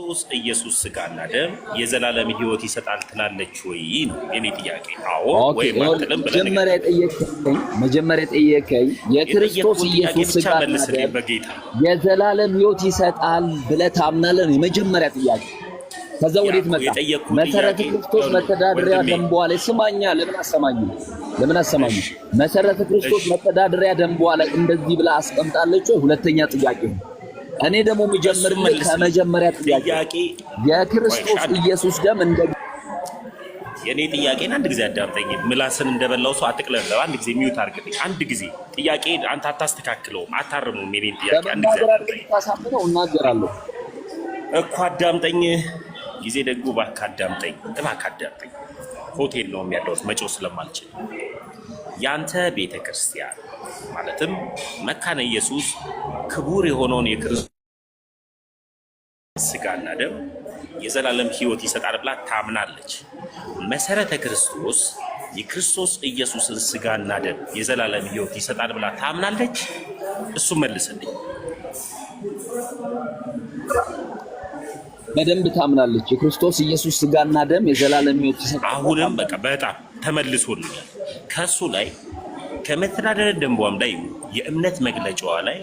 ክርስቶስ ኢየሱስ ስጋና ደም የዘላለም ሕይወት ይሰጣል ትላለች ወይ ነው የኔ ጥያቄ። አዎ ወይ ማጥለም ብለን መጀመሪያ ጠየቀኝ። የክርስቶስ ኢየሱስ ስጋና ደም የዘላለም ሕይወት ይሰጣል ብለህ ታምናለህ? ነው የመጀመሪያ ጥያቄ። ከዛ ወዴት መጣ? መሰረተ ክርስቶስ መተዳደሪያ ደንቧ ላይ ስማኛ። ለምን አሰማኝ? ለምን አሰማኝ? መሰረተ ክርስቶስ መተዳደሪያ ደንቧ ላይ እንደዚህ ብላ አስቀምጣለች ወይ? ሁለተኛ ጥያቄ ነው እኔ ደግሞ የሚጀምር ከመጀመሪያ ጥያቄ የክርስቶስ ኢየሱስ ደም እንደ የእኔ ጥያቄን አንድ ጊዜ አዳምጠኝ። ምላስን እንደበላው ሰው አትቅለለ። አንድ ጊዜ ሚዩት አርግልኝ። አንድ ጊዜ ጥያቄ አንተ አታስተካክለውም፣ አታርሙም። የኔን ጥያቄ አንድ እናገራለሁ እኮ አዳምጠኝ። ጊዜ ደግሞ እባክህ አዳምጠኝ፣ እባክህ አዳምጠኝ። ሆቴል ነው የሚያለሁት መጮህ ስለማልችል ያንተ ቤተ ክርስቲያን ማለትም መካነ ኢየሱስ ክቡር የሆነውን የክርስቶስ ስጋና ደም የዘላለም ሕይወት ይሰጣል ብላ ታምናለች። መሰረተ ክርስቶስ የክርስቶስ ኢየሱስን ስጋና ደም የዘላለም ሕይወት ይሰጣል ብላ ታምናለች። እሱ መልስልኝ። በደንብ ታምናለች። የክርስቶስ ኢየሱስ ስጋና ደም የዘላለም ሕይወት ይሰጣል። አሁንም በቃ በጣም ተመልሶልኛል። ከእሱ ላይ ከመተዳደሪያ ደንቧም ላይ የእምነት መግለጫዋ ላይ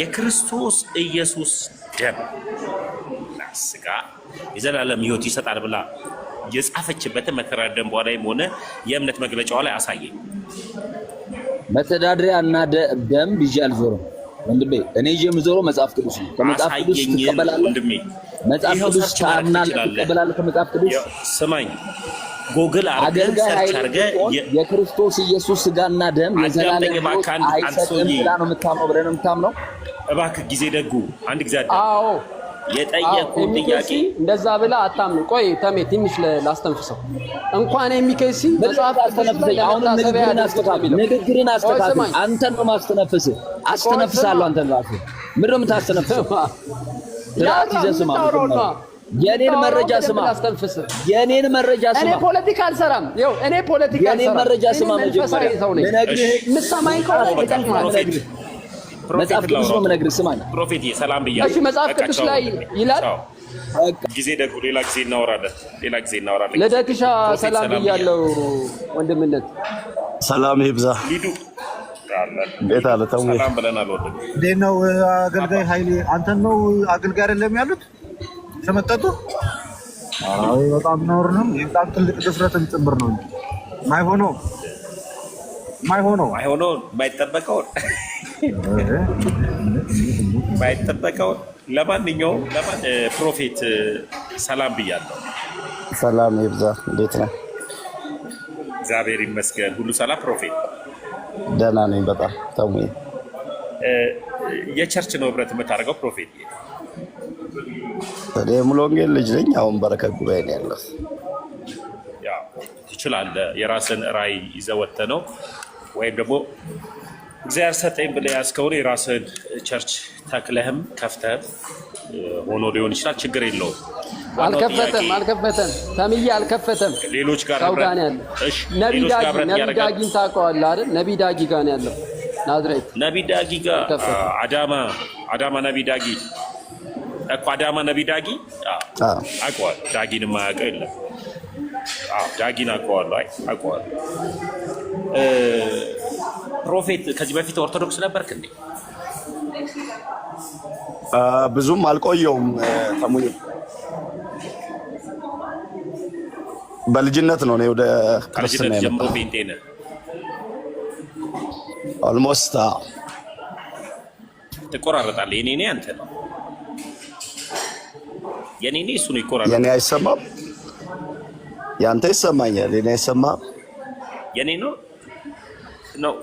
የክርስቶስ ኢየሱስ ደም ስጋ የዘላለም ሕይወት ይሰጣል ብላ የጻፈችበትን መተዳደሪያ ደንቧ ላይም ሆነ የእምነት መግለጫዋ ላይ አሳየኝ። መተዳደሪያ እና ደም ይዤ አልዞርም ወንድሜ። እኔ ይዤ የምዞረው መጽሐፍ ቅዱስ ነው። ከመጽሐፍ ቅዱስ ትቀበላለህ፣ መጽሐፍ ቅዱስ ቻናል ትቀበላለህ ከመጽሐፍ ቅዱስ ስማኝ ጎግል አድርገህ ሰርች አድርገህ የክርስቶስ ኢየሱስ ስጋና ደም የዘላለም ሕይወት ነው የምታምነው ብለህ ነው የምታምነው? እባክህ ጊዜ ደጉ አንድ ጊዜ አዳ አዎ፣ የጠየቅኩህን ጥያቄ እንደዛ ብላ አታምንም። ቆይ ተሜ ትንሽ ላስተንፍሰው። እንኳን የሚከሲ መጽሐፍ አስተነፍሰኝ። አሁን ንግግርን አስተካክል፣ አንተን ነው ማስተነፍስ አስተነፍሳለሁ። አንተን ራስህ ምንድን ነው የምታስተነፍሰው? ስርዓት ይዘህ ስማ የኔን መረጃ ስማ፣ አስተንፍስ። የኔን መረጃ ስማ። እኔ ፖለቲካ አልሰራም። ይኸው እኔ ፖለቲካ አልሰራም። የኔን መረጃ ስማ። ሰው መጀመሪያ ልነግርህ የምትሰማኝ ከሆነ መጽሐፍ ቅዱስ ነው የምነግርህ። ስማኝ ፕሮፌት ሰላም ብያለሁ። እሺ፣ መጽሐፍ ቅዱስ ላይ ይላል። ጊዜ ደግሞ ሌላ ጊዜ እናወራለን። ሌላ ጊዜ እናወራለን። ለደክሻ ሰላም ብያለሁ። ወንድምነት ሰላም ይብዛ። ሊዱ እንዴት አለ? ተው ሰላም ብለናል። ወንድም እንዴት ነው? አገልጋይ ኃይሌ አንተን ነው አገልጋይ አይደለም ያሉት ሸመጠጡ አይ በጣም ነውር ነው። በጣም ትልቅ ጭምር ነው ማይሆነው ማይሆነው ማይሆነው ማይጠበቀው ማይጠበቀው። ለማንኛውም ፕሮፌት ሰላም ብያለሁ። ሰላም ይብዛ። እንዴት ነህ? እግዚአብሔር ይመስገን። ሁሉ ሰላም ፕሮፌት? ደህና ነኝ በጣም ተሙ። የቸርች ነው ህብረት የምታደርገው ፕሮፌት? እኔ ሙሉ ወንጌል ልጅ ነኝ። አሁን በረከት ጉባኤ ነው ያለሁት። ትችላለህ። የራስን ራዕይ ይዘወተ ነው ወይም ደግሞ እግዚአብሔር ሰጠኝ ብለህ ያስከውን የራስን ቸርች ተክለህም ከፍተህም ሆኖ ሊሆን ይችላል። ችግር የለውም። አልከፈተም አልከፈተም ተምዬ አልከፈተም። ሌሎች ጋር ጋር ያለ ነቢ ዳጊን ታውቀዋለህ አይደል? ነቢ ዳጊ ጋር ያለው ናዝሬት ነቢ ዳጊ ጋር አዳማ አዳማ ነቢ ዳጊ እኮ አዳማ ነቢ ዳጊ አውቀዋለሁ። ዳጊን የማያውቀው የለም። ዳጊን አውቀዋለሁ። አይ አውቀዋለሁ። ፕሮፌት ከዚህ በፊት ኦርቶዶክስ ነበርክ እንዴ? ብዙም አልቆየውም። ተሙዬ በልጅነት ነው እኔ ወደ ክርስትና ጀምሮ ጴንጤ ነህ? ኦልሞስት ትቆራረጣለህ። የኔ እኔ አንተ ነው የኔ እሱ ነው ይቆራረጥ። የኔ አይሰማም፣ ያንተ ይሰማኛል። የኔ አይሰማም፣ የኔ ነው ነው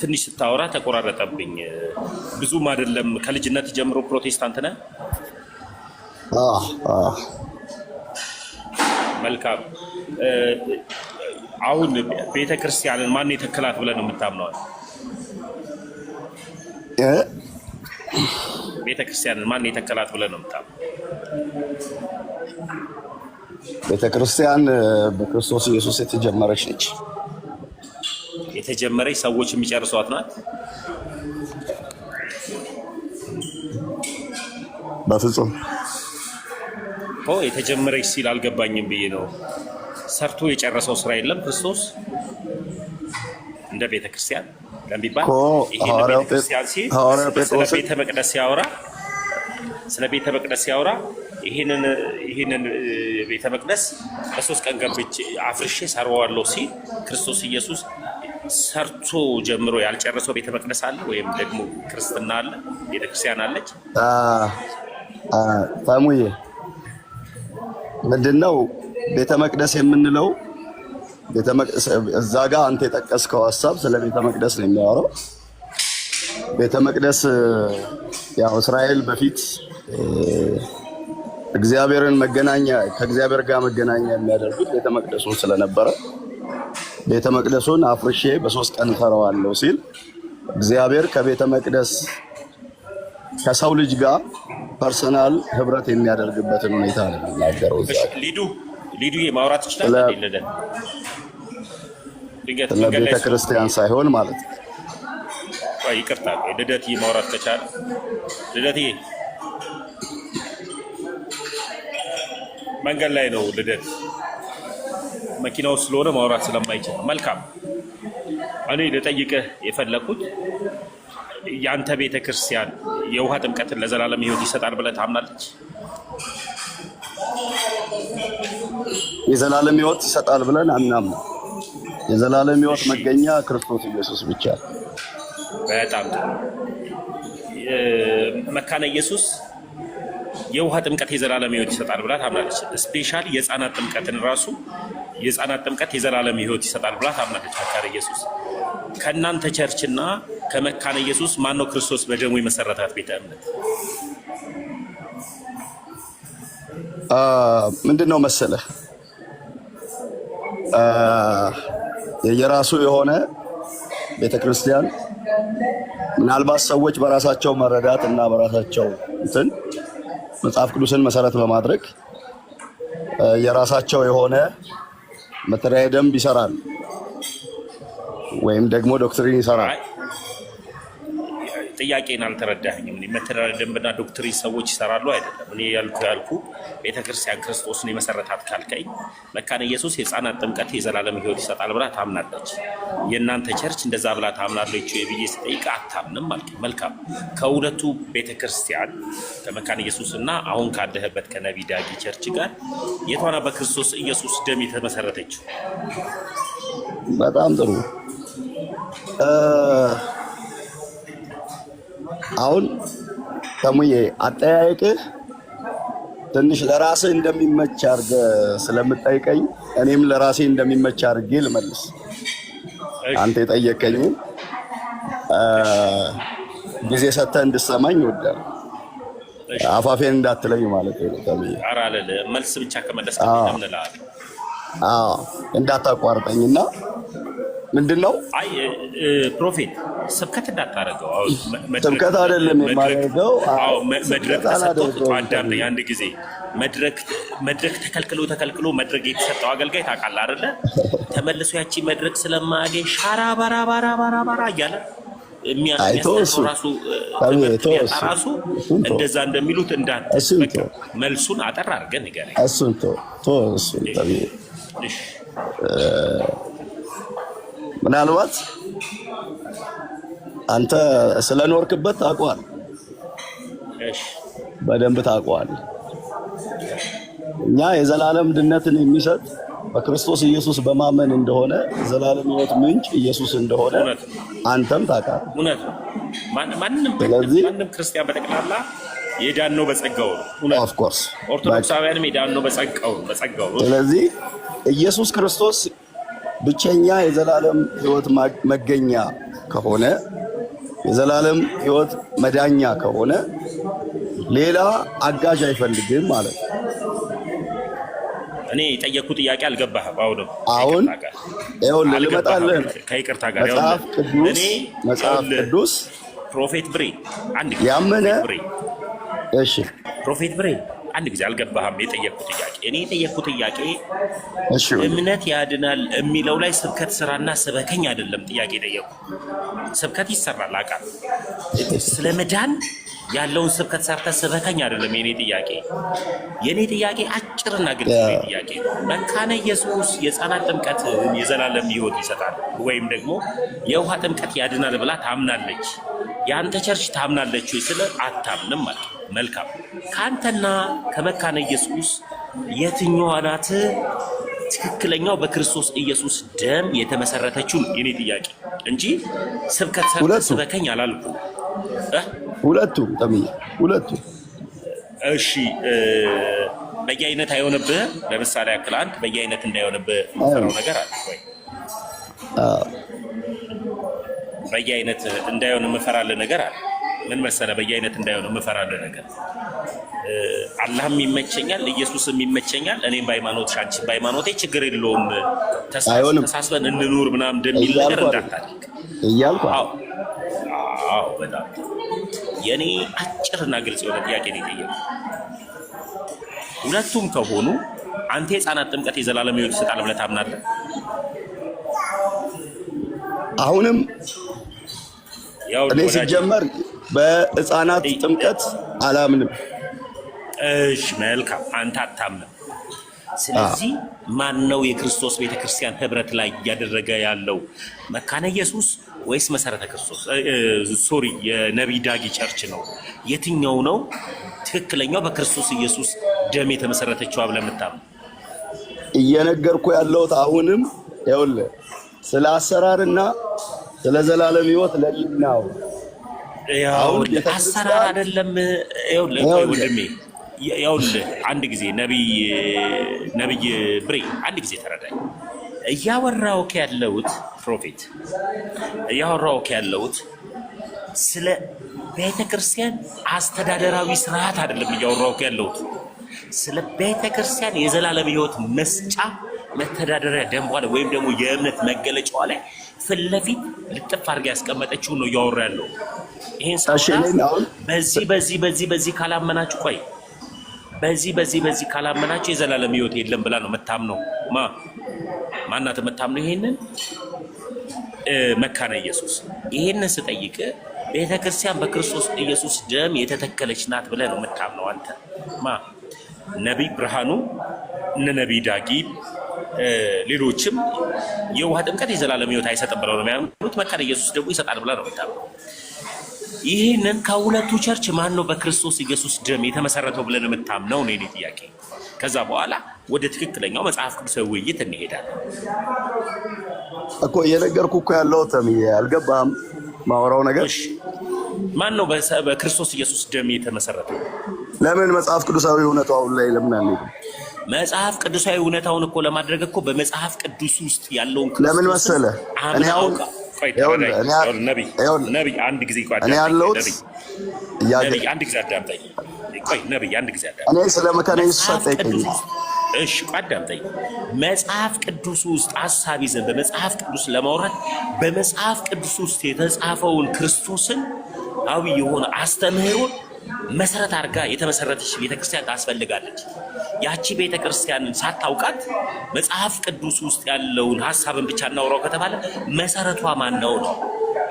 ትንሽ ስታወራ ተቆራረጠብኝ። ብዙም አይደለም። ከልጅነት ጀምሮ ፕሮቴስታንት ነህ? መልካም። አሁን ቤተ ክርስቲያንን ማን የተከላት ብለን ነው የምታምነው? ቤተ ክርስቲያንን ማን የተከላት ብለን ነው የምታምነው? ቤተ ክርስቲያን በክርስቶስ ኢየሱስ የተጀመረች ነች። የተጀመረች ሰዎች የሚጨርሷት ናት። በፍጹም የተጀመረች ሲል አልገባኝም ብዬ ነው። ሰርቶ የጨረሰው ስራ የለም ክርስቶስ እንደ ቤተክርስቲያን ለሚባል ይሄ ቤተክርስቲያን ሲል ስለ ቤተ መቅደስ ሲያወራ ስለ ቤተ መቅደስ ሲያወራ ይህንን ቤተ መቅደስ በሶስት ቀን ገንብቼ አፍርሼ ሰርዋለሁ ሲል ክርስቶስ ኢየሱስ ሰርቶ ጀምሮ ያልጨረሰው ቤተ መቅደስ አለ ወይም ደግሞ ክርስትና አለ፣ ቤተ ክርስቲያን አለች። ታሙዬ ምንድነው ቤተ መቅደስ የምንለው? እዛ ጋር አንተ የጠቀስከው ሀሳብ ስለ ቤተ መቅደስ ነው የሚያወራው። ቤተ መቅደስ ያው እስራኤል በፊት እግዚአብሔርን መገናኛ ከእግዚአብሔር ጋር መገናኛ የሚያደርጉት ቤተ መቅደሱን ስለነበረ ቤተ መቅደሱን አፍርሼ በሶስት ቀን እሰራዋለሁ ሲል እግዚአብሔር ከቤተ መቅደስ ከሰው ልጅ ጋር ፐርሰናል ህብረት የሚያደርግበትን ሁኔታ ነው የሚናገረው። ሊዱ ሊዱ ማውራት ይችላል። ቤተ ክርስቲያን ሳይሆን ማለት ነው። ይቅርታ ልደት ማውራት ከቻለ ልደት መንገድ ላይ ነው ልደት መኪናው ስለሆነ ማውራት ስለማይችል መልካም እኔ ልጠይቅህ የፈለግኩት የአንተ ቤተ ክርስቲያን የውሃ ጥምቀትን ለዘላለም ህይወት ይሰጣል ብለህ ታምናለች? የዘላለም ህይወት ይሰጣል ብለን አናምንም። የዘላለም ህይወት መገኛ ክርስቶስ ኢየሱስ ብቻ። በጣም መካነ ኢየሱስ የውሃ ጥምቀት የዘላለም ህይወት ይሰጣል ብላ ታምናለች። ስፔሻሊ የህፃናት ጥምቀትን ራሱ የህፃናት ጥምቀት የዘላለም ህይወት ይሰጣል ብላ ታምናለች። መካነ ኢየሱስ ከእናንተ ቸርችና ከመካነ ኢየሱስ ማነው ክርስቶስ በደሙ የመሰረታት ቤተ እምነት? ምንድን ነው መሰለህ የየራሱ የሆነ ቤተክርስቲያን ምናልባት ሰዎች በራሳቸው መረዳት እና በራሳቸው እንትን መጽሐፍ ቅዱስን መሰረት በማድረግ የራሳቸው የሆነ መተዳደሪያ ደንብ ይሰራል ወይም ደግሞ ዶክትሪን ይሰራል። ጥያቄን አልተረዳኸኝም። መተዳደሪያ ደንብና ዶክትሪን ሰዎች ይሰራሉ አይደለም። እኔ ያልኩ ያልኩ ቤተክርስቲያን ክርስቶስን የመሰረታት ካልከኝ መካነ ኢየሱስ የህፃናት ጥምቀት የዘላለም ህይወት ይሰጣል ብላ ታምናለች። የእናንተ ቸርች እንደዛ ብላ ታምናለች ብዬ ስጠይቅ አታምንም አልከኝ። መልካም ከሁለቱ ቤተክርስቲያን ከመካነ ኢየሱስ እና አሁን ካለህበት ከነቢ ዳጊ ቸርች ጋር የቷና በክርስቶስ ኢየሱስ ደም የተመሰረተችው? በጣም ጥሩ አሁን ተሙዬ አጠያየቅህ ትንሽ ለራስህ እንደሚመች አድርገህ ስለምጠይቀኝ እኔም ለራሴ እንደሚመች አድርጌ ልመልስ። አንተ የጠየቀኝ ጊዜ ሰጥተህ እንድሰማኝ ወዳል አፋፌን እንዳትለኝ ማለት ነው። መልስ ብቻ ከመለስ እንዳታቋርጠኝና ምንድን ነው ፕሮፌት ስብከት እንዳታረገው። ስብከት አይደለም የማደርገው። መድረክ ተሰጥቶ አዳምጠኝ አንድ ጊዜ መድረክ ተከልክሎ ተከልክሎ መድረክ የተሰጠው አገልጋይ ታውቃለህ አይደለ? ተመልሶ ያቺ መድረክ ስለማያገኝ ሻራ ባራ ባራ ባራ ባራ እያለ ራሱ እንደዛ እንደሚሉት እንዳትበቃ መልሱን አጠር አድርገህ ንገረኝ። እሱን ቶ እሱን ምናልባት አንተ ስለኖርክበት ታውቀዋል፣ በደንብ ታውቀዋል። እኛ የዘላለም ድነትን የሚሰጥ በክርስቶስ ኢየሱስ በማመን እንደሆነ ዘላለም ሕይወት ምንጭ ኢየሱስ እንደሆነ አንተም ታውቃለህ። እውነት ነው። ማንም ክርስቲያን በጠቅላላ የዳነው በጸጋው ነው። ኦፍ ኮርስ ኦርቶዶክሳውያንም የዳነው በጸጋው ነው። ስለዚህ ኢየሱስ ክርስቶስ ብቸኛ የዘላለም ህይወት መገኛ ከሆነ የዘላለም ህይወት መዳኛ ከሆነ ሌላ አጋዥ አይፈልግም ማለት ነው። እኔ የጠየቅኩ ጥያቄ አልገባህም። አሁንም አሁን ይኸውልህ ልመጣልህ ከይቅርታ ጋር መጽሐፍ ቅዱስ ፕሮፌት ብሬ አንድ ያመነ እሺ ፕሮፌት ብሬ አንድ ጊዜ አልገባህም። የጠየቅኩ ጥያቄ እኔ የጠየቅኩ ጥያቄ እምነት ያድናል የሚለው ላይ ስብከት ስራና ስበከኝ አይደለም ጥያቄ የጠየቅኩ። ስብከት ይሰራል አውቃለሁ። ስለ መዳን ያለውን ስብከት ሰርተ ስበከኝ አይደለም የኔ ጥያቄ። የኔ ጥያቄ አጭርና ግልጽ ጥያቄ መካነ ኢየሱስ የህፃናት ጥምቀት የዘላለም ሕይወት ይሰጣል ወይም ደግሞ የውሃ ጥምቀት ያድናል ብላ ታምናለች። የአንተ ቸርች ታምናለች ስለ አታምንም ማለት መልካም። ከአንተና ከመካነ ኢየሱስ የትኛዋ ናት ትክክለኛው በክርስቶስ ኢየሱስ ደም የተመሰረተችው? የኔ ጥያቄ እንጂ ስብከት ስበከኝ አላልኩ። ሁለቱ ጠምዬ ሁለቱም። እሺ በየአይነት አይሆንብህም። ለምሳሌ ያክል አንድ በየአይነት እንዳይሆንብህ የምሰራው ነገር አለ ወይ? በየአይነት እንዳይሆን የምፈራልህ ነገር አለ ምን መሰለህ በየአይነት እንዳይሆነ የምፈራለሁ ነገር አላህም ይመቸኛል፣ ኢየሱስም ይመቸኛል። እኔም በሃይማኖት ሻንቺ በሃይማኖቴ ችግር የለውም ተሳስበን እንኑር ምናምን እንደሚል ነገር እንዳታደርግ እያልኩ። አዎ በጣም የእኔ አጭርና ግልጽ የሆነ ጥያቄ ነው የጠየቁት። ሁለቱም ከሆኑ አንተ የህፃናት ጥምቀት የዘላለም ሕይወት ይሰጣል ብለህ ታምናለህ? አሁንም እኔ ሲጀመር በህፃናት ጥምቀት አላምንም። እሽ መልካም፣ አንተ አታምን። ስለዚህ ማን ነው የክርስቶስ ቤተክርስቲያን ህብረት ላይ እያደረገ ያለው መካነ ኢየሱስ ወይስ መሰረተ ክርስቶስ? ሶሪ የነቢይ ዳጊ ቸርች ነው? የትኛው ነው ትክክለኛው በክርስቶስ ኢየሱስ ደም የተመሰረተችው ብለህ የምታምነው? እየነገርኩ ያለሁት አሁንም ይኸውልህ ስለ አሰራርና ስለ ዘላለም ህይወት ለይናው አሰራር አይደለም። ወንድሜ ይኸውልህ አንድ ጊዜ ብሬ አንድ ጊዜ ተረዳኝ። እያወራሁ ያለሁት ፕሮፌት ያለሁት ስለ አስተዳደራዊ ስርዓት አይደለም። እያወራሁ ያለሁት ስለ ክርስቲያን የዘላለም ሕይወት መስጫ መተዳደሪያ ደንቧ ላይ ወይም ደግሞ የእምነት መገለጫዋ ላይ ፊት ለፊት ልጥፍ አድርጋ ያስቀመጠችውን ነው እያወራ ያለው። ይህን በዚህ በዚህ በዚህ በዚህ ካላመናችሁ ቆይ በዚህ በዚህ በዚህ ካላመናችሁ የዘላለም ህይወት የለም ብላ ነው የምታምነው። ማ ማናት የምታምነው? ይሄንን መካነ ኢየሱስ ይሄንን ስጠይቅ ቤተ ክርስቲያን በክርስቶስ ኢየሱስ ደም የተተከለች ናት ብለህ ነው የምታምነው አንተ። ማ ነቢይ ብርሃኑ እነ ነቢይ ዳጊ ሌሎችም የውሃ ጥምቀት የዘላለም ህይወት አይሰጥም ብለው ነው የሚያምኑት። መካነ ኢየሱስ ደግሞ ይሰጣል ብለ ነው የምታምኑ። ይህንን ከሁለቱ ቸርች ማን ነው በክርስቶስ ኢየሱስ ደም የተመሰረተው ብለን የምታምነው ነው የኔ ጥያቄ። ከዛ በኋላ ወደ ትክክለኛው መጽሐፍ ቅዱሳዊ ውይይት እንሄዳለን። እኮ እየነገርኩ እኮ ያለው ተም አልገባም ማወራው ነገር ማን ነው በክርስቶስ ኢየሱስ ደም የተመሰረተው? ለምን መጽሐፍ ቅዱሳዊ እውነቱ አሁን ላይ ለምን አንሄድም? መጽሐፍ ቅዱሳዊ እውነታውን እኮ ለማድረግ እኮ በመጽሐፍ ቅዱስ ውስጥ ያለውን ለምን መሰለ ነቢይ አንድ ጊዜ ያለሁት አንድ ጊዜ አዳምጠኝ ቆይ ነቢይ አንድ ጊዜ አዳምጠኝ እኔ ስለ መካነ ኢየሱስ አጠይቀኝ እሺ አዳምጠኝ መጽሐፍ ቅዱስ ውስጥ ሀሳብ ይዘን በመጽሐፍ ቅዱስ ለማውራት በመጽሐፍ ቅዱስ ውስጥ የተጻፈውን ክርስቶስን አዊ የሆነ አስተምህሮን መሰረት አድርጋ የተመሰረተች ቤተክርስቲያን ታስፈልጋለች ያቺ ቤተ ክርስቲያንን ሳታውቃት መጽሐፍ ቅዱስ ውስጥ ያለውን ሀሳብን ብቻ እናውራው ከተባለ መሰረቷ ማነው ነው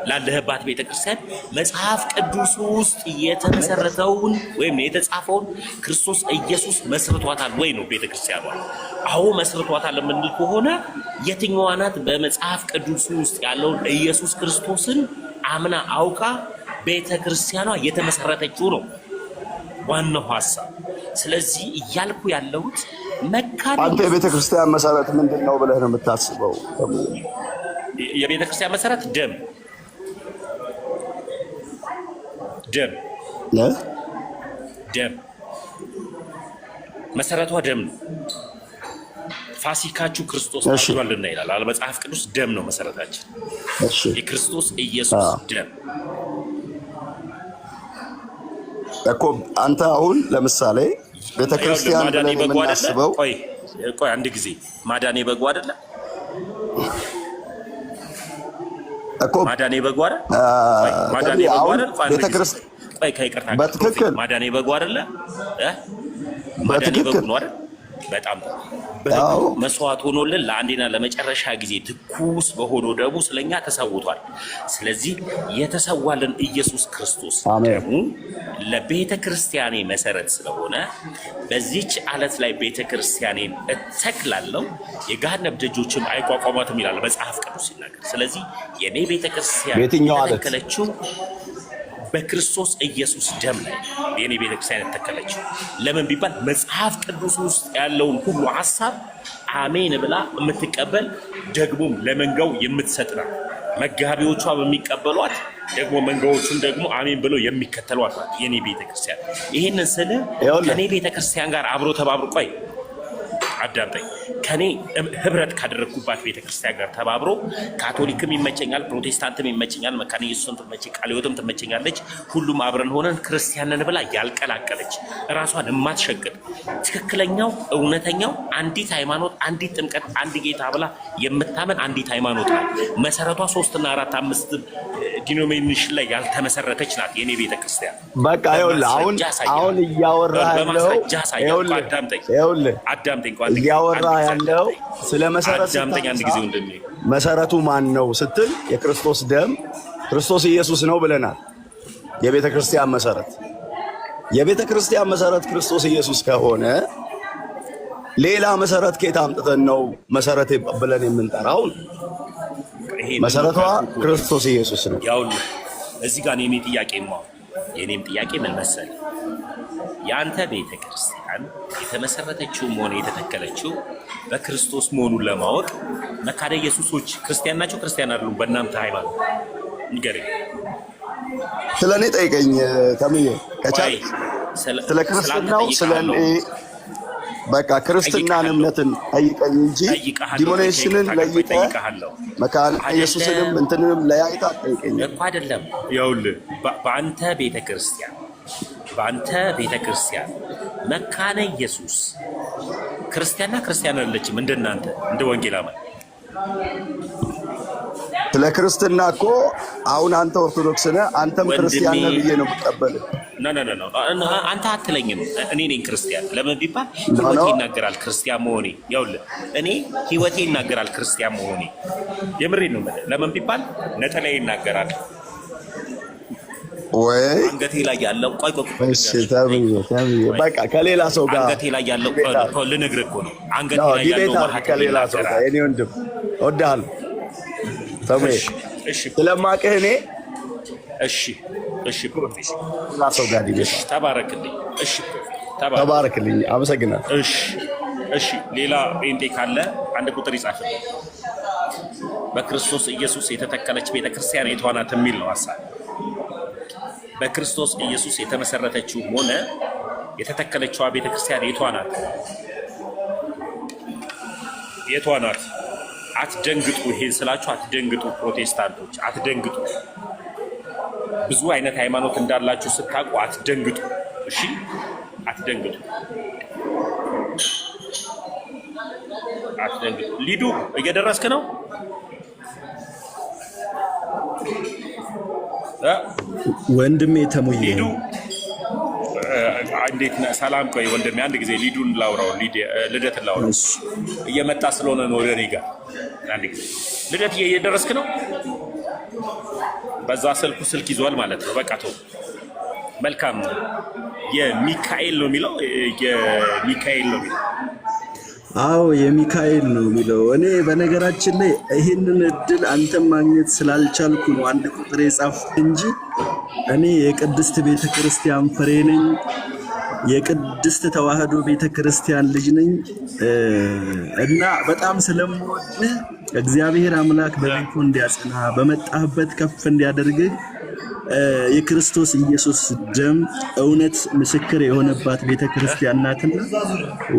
ላለህባት ቤተ ክርስቲያን መጽሐፍ ቅዱስ ውስጥ የተመሰረተውን ወይም የተጻፈውን ክርስቶስ ኢየሱስ መስርቷታል ወይ ነው ቤተ ክርስቲያኗ። አዎ መስርቷታል የምንል ከሆነ የትኛዋ ናት በመጽሐፍ ቅዱስ ውስጥ ያለውን ኢየሱስ ክርስቶስን አምና አውቃ ቤተ ክርስቲያኗ የተመሰረተችው ነው ዋናው ሀሳብ። ስለዚህ እያልኩ ያለሁት መካ አንተ የቤተ ክርስቲያን መሰረት ምንድን ነው ብለህ ነው የምታስበው? የቤተ ክርስቲያን መሰረት ደም ደም ደም መሰረቷ ደም ነው። ፋሲካችሁ ክርስቶስ ታርዷልና ይላል አለ መጽሐፍ ቅዱስ። ደም ነው መሰረታችን፣ የክርስቶስ ኢየሱስ ደም እኮ። አንተ አሁን ለምሳሌ ቤተክርስቲያን ማዳኔ በጎ አይደለ? ቆይ ቆይ አንድ ጊዜ ማዳኔ በጎ አይደለ እኮ ማዳኔ በጎ አይደል? ማዳኔ በጎ ቆይ ከይቅርታ በትክክል ማዳኔ በጎ አይደለ? ማዳኔ በጎ ነው አይደል? በጣም መስዋዕት ሆኖልን ለአንዴና ለመጨረሻ ጊዜ ትኩስ በሆነው ደሙ ስለኛ ተሰውቷል። ስለዚህ የተሰዋልን ኢየሱስ ክርስቶስ ደሙ ለቤተ ክርስቲያኔ መሰረት ስለሆነ በዚች አለት ላይ ቤተ ክርስቲያኔን እተክላለሁ፣ የገሃነም ደጆችም አይቋቋሟትም ይላል መጽሐፍ ቅዱስ ሲናገር። ስለዚህ የኔ ቤተ ክርስቲያን በክርስቶስ ኢየሱስ ደም ላይ የኔ ቤተክርስቲያን ተከለች። ለምን ቢባል መጽሐፍ ቅዱስ ውስጥ ያለውን ሁሉ ሀሳብ አሜን ብላ የምትቀበል ደግሞም ለመንጋው የምትሰጥና መጋቢዎቿ በሚቀበሏት ደግሞ መንጋዎቹም ደግሞ አሜን ብለው የሚከተሏት የኔ ቤተክርስቲያን። ይህንን ስል ከኔ ቤተክርስቲያን ጋር አብሮ ተባብሮ ቆይ አዳምጠኝ። ከኔ ህብረት ካደረግኩባት ቤተክርስቲያን ጋር ተባብሮ ካቶሊክም ይመቸኛል፣ ፕሮቴስታንትም ይመቸኛል፣ መካነ ኢየሱስም ትመቸ፣ ቃለ ሕይወትም ትመቸኛለች። ሁሉም አብረን ሆነን ክርስቲያንን ብላ ያልቀላቀለች እራሷን የማትሸቅጥ ትክክለኛው እውነተኛው አንዲት ሃይማኖት፣ አንዲት ጥምቀት፣ አንድ ጌታ ብላ የምታመን አንዲት ሃይማኖት ናት። መሰረቷ ሶስትና አራት አምስት ዲኖሚኔሽን ላይ ያልተመሰረተች ናት የኔ ቤተክርስቲያን። በቃ ይኸውልህ አሁን አሁን እያወራህ አዳምጠኝ አዳምጠኝ እያወራ ያለው ስለ መሰረቱ ማን ነው ስትል የክርስቶስ ደም ክርስቶስ ኢየሱስ ነው ብለናል። የቤተ ክርስቲያን መሰረት የቤተ ክርስቲያን መሰረት ክርስቶስ ኢየሱስ ከሆነ ሌላ መሰረት ከየት አምጥተን ነው መሰረት ብለን የምንጠራው? መሰረቷ ክርስቶስ ኢየሱስ ነው። እዚህ ጋር የኔ ጥያቄ የኔም ጥያቄ ምን መሰለህ የአንተ ቤተ ክርስቲያን ቤተክርስቲያን የተመሰረተችው ሆነ የተተከለችው በክርስቶስ መሆኑን ለማወቅ መካደ ኢየሱሶች ክርስቲያን ናቸው ክርስቲያን አይደሉም? በእናንተ ሃይማኖት ንገረኝ። ስለ እኔ ጠይቀኝ ተምዬ ከቻል ስለ ክርስትናው ስለ እኔ በቃ ክርስትናን እምነትን ጠይቀኝ እንጂ ዲሞኔሽንን ለይጠ መካነ ኢየሱስንም እንትንንም ለያይታ ጠይቀኝ እኮ አይደለም። ይኸውልህ በአንተ ቤተክርስቲያን በአንተ ቤተ ክርስቲያን መካነ ኢየሱስ ክርስቲያንና ክርስቲያን አለችም። እንደናንተ እንደ ወንጌል አማኝ ስለ ክርስትና እኮ አሁን አንተ ኦርቶዶክስ ነህ፣ አንተም ክርስቲያን ነህ ብዬ ነው የምቀበል። አንተ አትለኝም፣ እኔ ነኝ ክርስቲያን። ለምን ቢባል ህይወቴ ይናገራል ክርስቲያን መሆኔ። ይኸውልህ እኔ ህይወቴ ይናገራል ክርስቲያን መሆኔ። የምሬ ነው። ለምን ቢባል ነጠላ ይናገራል አንገቴ ላይ ያለው ቆይ በቃ ከሌላ ሰው ጋር አንገቴ ላይ ያለው እኮ ነው። አንገቴ ላይ ያለው ከሌላ ሰው ጋር እኔ ወንድም ስለማቅህ እኔ እሺ፣ እሺ፣ ሰው ጋር ተባረክልኝ፣ እሺ፣ ተባረክልኝ። እሺ፣ እሺ። ሌላ ጴንጤ ካለ አንድ ቁጥር ይጻፍ። በክርስቶስ ኢየሱስ የተተከለች ቤተክርስቲያን የተዋናት የሚል ነው ሀሳብ በክርስቶስ ኢየሱስ የተመሰረተችው ሆነ የተተከለችዋ ቤተ ክርስቲያን የቷ ናት? የቷ ናት? አትደንግጡ። ይሄን ስላችሁ አትደንግጡ፣ ፕሮቴስታንቶች አትደንግጡ። ብዙ አይነት ሃይማኖት እንዳላችሁ ስታውቁ አትደንግጡ። እሺ፣ አትደንግጡ፣ አትደንግጡ። ሊዱ እየደረስክ ነው። ወንድሜ ተሙዬ እንዴት ነህ? ሰላም። ቆይ ወንድሜ አንድ ጊዜ ሊዱን ላውራው፣ ልደትን ላውራው። እየመጣ ስለሆነ ነው ወደ እኔ ጋር። አንድ ጊዜ ልደት፣ እየደረስክ ነው? በዛ ስልኩ ስልክ ይዟል ማለት ነው። በቃ ተው። መልካም። የሚካኤል ነው የሚለው የሚካኤል ነው የሚለው አዎ የሚካኤል ነው የሚለው። እኔ በነገራችን ላይ ይህንን እድል አንተም ማግኘት ስላልቻልኩ ነው አንድ ቁጥር የጻፍኩት እንጂ እኔ የቅድስት ቤተ ክርስቲያን ፍሬ ነኝ፣ የቅድስት ተዋህዶ ቤተ ክርስቲያን ልጅ ነኝ እና በጣም ስለምወድህ እግዚአብሔር አምላክ በቤቱ እንዲያጸና በመጣህበት ከፍ እንዲያደርግህ የክርስቶስ ኢየሱስ ደም እውነት ምስክር የሆነባት ቤተ ክርስቲያን ናትና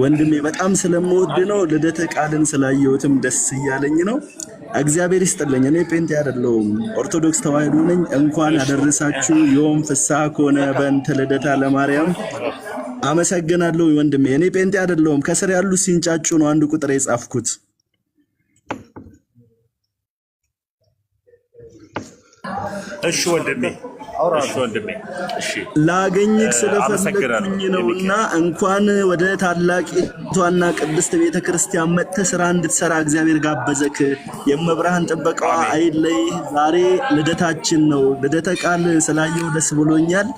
ወንድሜ በጣም ስለምወድ ነው። ልደተ ቃልን ስላየሁትም ደስ እያለኝ ነው። እግዚአብሔር ይስጥልኝ። እኔ ጴንጤ አይደለሁም፣ ኦርቶዶክስ ተዋህዶ ነኝ። እንኳን አደረሳችሁ። ዮም ፍስሐ ከሆነ በእንተ ልደታ ለማርያም አመሰግናለሁ ወንድሜ። እኔ ጴንጤ አይደለሁም። ከስር ያሉ ሲንጫጩ ነው አንድ ቁጥር የጻፍኩት። እሺ ወንድሜ እሺ ወንድሜ እሺ፣ ላገኝህ ነውና እንኳን ወደ ታላቂቷና ቅድስት ቤተ ክርስቲያን መጥተህ ስራ እንድትሰራ እግዚአብሔር ጋበዘክ። የመብርሃን ጥበቃዋ አይለይ። ዛሬ ልደታችን ነው። ልደተ ቃል ስላየው ደስ ብሎኛል።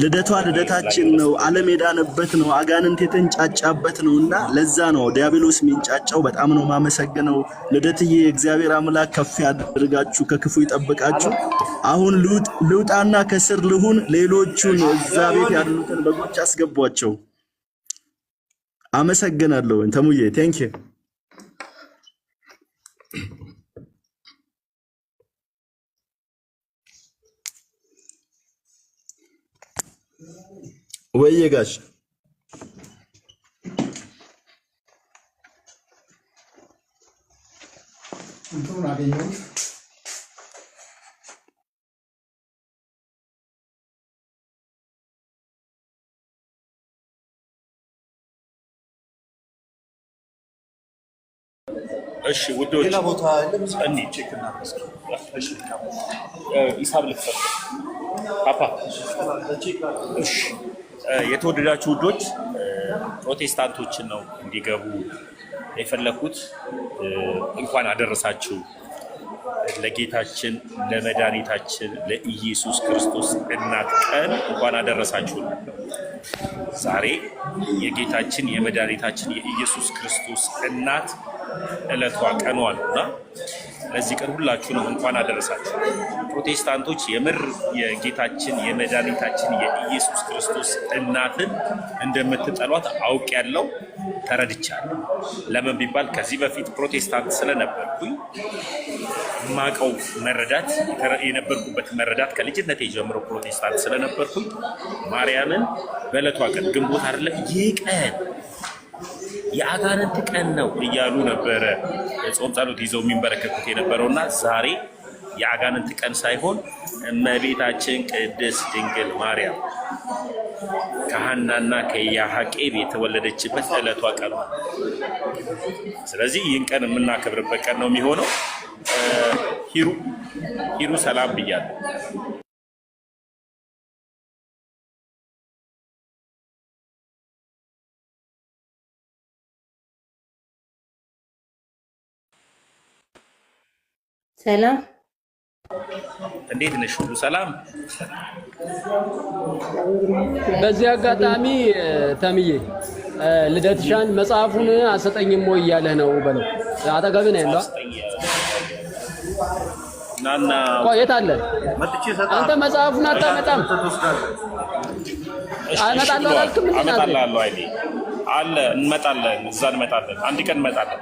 ልደቷ ልደታችን ነው። ዓለም የዳነበት ነው። አጋንንት የተንጫጫበት ነው እና ለዛ ነው ዲያብሎስ የሚንጫጫው። በጣም ነው ማመሰግነው ልደትዬ። እግዚአብሔር አምላክ ከፍ ያደርጋችሁ፣ ከክፉ ይጠብቃችሁ። አሁን ልውጣና ከስር ልሁን። ሌሎቹን እዛ ቤት ያሉትን በጎች አስገቧቸው። አመሰግናለሁ ተሙዬ ቴንኪው وي يا جاش انتوا راجعين እሺ ውዶች ሌላ ቦታ እንሂድ፣ ቼክ እናድርግ። እሺ ኢሳብ ልክፈል ፓፓ። እሺ የተወደዳችሁ ውዶች ፕሮቴስታንቶችን ነው እንዲገቡ የፈለኩት። እንኳን አደረሳችሁ ለጌታችን ለመድኃኒታችን ለኢየሱስ ክርስቶስ እናት ቀን እንኳን አደረሳችሁ። ዛሬ የጌታችን የመድኃኒታችን የኢየሱስ ክርስቶስ እናት እለቷ ቀኗ ነው እና ለዚህ ቀን ሁላችሁንም እንኳን አደረሳችሁ። ፕሮቴስታንቶች የምር የጌታችን የመድኃኒታችን የኢየሱስ ክርስቶስ እናትን እንደምትጠሏት አውቅ ያለው ተረድቻለሁ። ለምን ቢባል ከዚህ በፊት ፕሮቴስታንት ስለነበርኩኝ ማቀው መረዳት የነበርኩበት መረዳት ከልጅነት ጀምሮ ፕሮቴስታንት ስለነበርኩኝ ማርያምን በእለቷ ቀን ግንቦት አይደለም ይህ ቀን የአጋንንት ቀን ነው እያሉ ነበረ ጾም ጸሎት ይዘው የሚንበረከኩት የነበረውና ዛሬ የአጋንንት ቀን ሳይሆን እመቤታችን ቅድስት ድንግል ማርያም ከሀናና ከኢያቄም የተወለደችበት ዕለቷ ቀኗ። ስለዚህ ይህን ቀን የምናከብርበት ቀን ነው የሚሆነው። ሂሩ ሂሩ ሰላም ብያለሁ። ሰላም፣ እንዴት ነሽ? ሁሉ ሰላም። በዚህ አጋጣሚ ተምዬ ልደትሻን መጽሐፉን አሰጠኝም ወይ እያለህ ነው በለው። አጠገብህ ነው ያለው። ቆይ የት አለ? አንተ መጽሐፉን አታመጣም? አመጣልሀለሁ አላልክም? እንመጣለን፣ አንድ ቀን እንመጣለን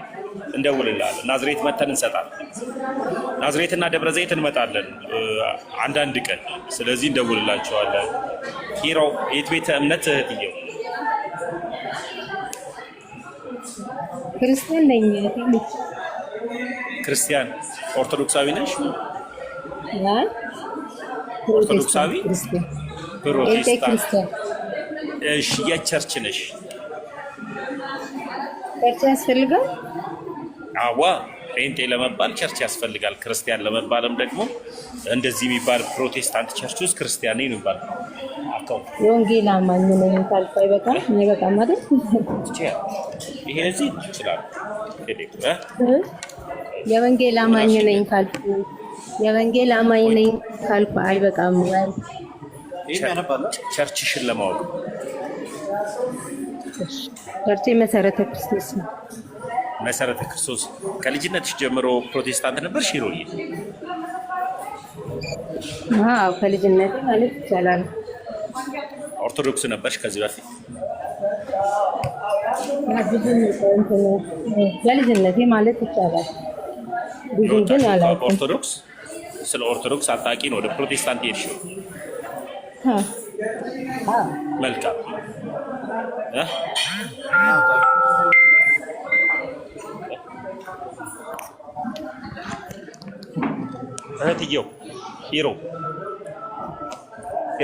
እንደውልላል። ናዝሬት መተን እንሰጣል። ናዝሬትና ደብረ ዘይት እንመጣለን አንዳንድ ቀን። ስለዚህ እንደውልላቸዋለን። ሂሮ የት ቤተ እምነት እህትየው ክርስቲያን ነኝ። ክርስቲያን ኦርቶዶክሳዊ ነሽ? ኦርቶዶክሳዊ ፕሮቴስታንት። እሺ የት ነሽ? ቸርች ያስፈልጋል አዋ ጴንጤ ለመባል ቸርች ያስፈልጋል። ክርስቲያን ለመባልም ደግሞ እንደዚህ የሚባል ፕሮቴስታንት ቸርች ውስጥ ክርስቲያን ነኝ የሚባል ወንጌል አማኝ ነኝ ካልኩ አይበቃም? አይበቃም አይደል? ይሄ እዚህ ይችላል። የወንጌል አማኝ ነኝ ካልኩ የወንጌል አማኝ ነኝ ካልኩ አይበቃም? ቸርችሽን ለማወቅ ቸርች መሰረተ ክርስቶስ ነው። መሰረተ ክርስቶስ ከልጅነትሽ ጀምሮ ፕሮቴስታንት ነበርሽ ሂሩዬ? አዎ ከልጅነት ማለት ይቻላል። ኦርቶዶክስ ነበርሽ ከዚህ በፊት? በልጅነቴ ማለት ይቻላል። ብዙ ግን አላውቅም። ኦርቶዶክስ ስለ ኦርቶዶክስ አታውቂ ነው ወደ ፕሮቴስታንት ሄድሽው? መልካም እህትየው ኢሮ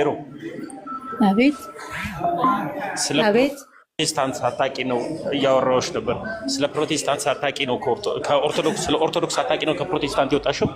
ኢሮ አቤት ስለ ፕሮቴስታንት አታቂ ነው እያወራዎች ነበር። ስለ ፕሮቴስታንት አታቂ ነው ከኦርቶዶክስ ስለ ኦርቶዶክስ አታቂ ነው ከፕሮቴስታንት የወጣሽው